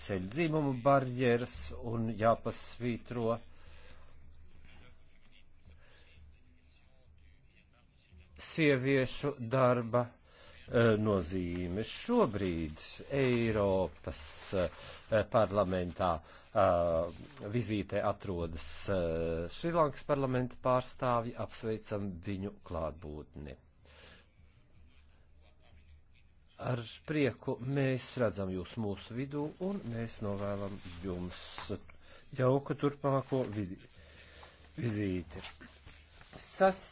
jāceļ dzimumu barjeras un jāpasvītro. Sieviešu darba e, nozīme. Šobrīd Eiropas e, parlamentā e, vizītē atrodas Šrilankas parlamenta pārstāvji, apsveicam viņu klātbūtni ar prieku mēs redzam jūs mūsu vidū un mēs novēlam jums jauka turpmāko vizīti. Sastāv.